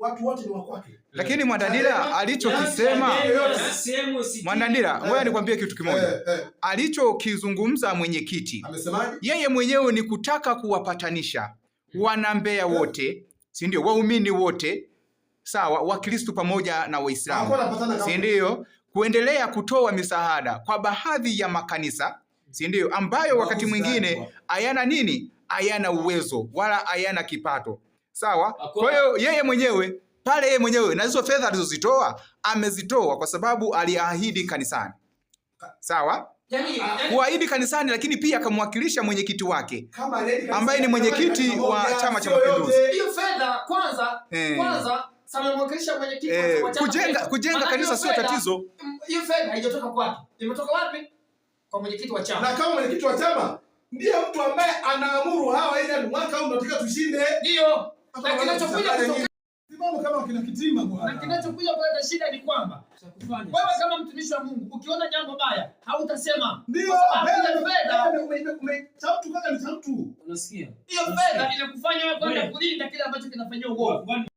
watu wote ni wa kwake. Lakini Mwandandila alichokisema, Mwandandila, ngoja nikwambie kitu kimoja eh, eh. alichokizungumza mwenyekiti, yeye mwenyewe ni kutaka kuwapatanisha wanambeya wote, si ndio? Waumini wote sawa, Wakristo pamoja na Waislamu, si ndio? kuendelea kutoa misaada kwa baadhi ya makanisa, si ndio? ambayo wakati mwingine hayana nini, hayana uwezo wala hayana kipato sawa. Kwa hiyo yeye mwenyewe pale, yeye mwenyewe na hizo fedha alizozitoa amezitoa kwa sababu aliahidi kanisani, sawa kuahidi kanisani lakini pia akamwakilisha mwenyekiti wake ambaye ni mwenyekiti wa Chama cha Mapinduzi kujenga kujenga kanisa sio tatizo. Hiyo fedha haijatoka kwake, imetoka wapi? Kwa mwenyekiti wa chama. Na kama mwenyekiti wa chama ndiye mtu ambaye anaamuru hawa, ili mwaka huu tunataka tushinde, ndio na kinachokuja kutokea kama kina kitima bwana. Na kinachokuja kuleta shida ni kwamba wewe kama mtumishi wa Mungu ukiona jambo baya hautasema. Ndio. Hiyo fedha inakufanya wewe kwenda kulinda kile ambacho kinafanyia ugomvi.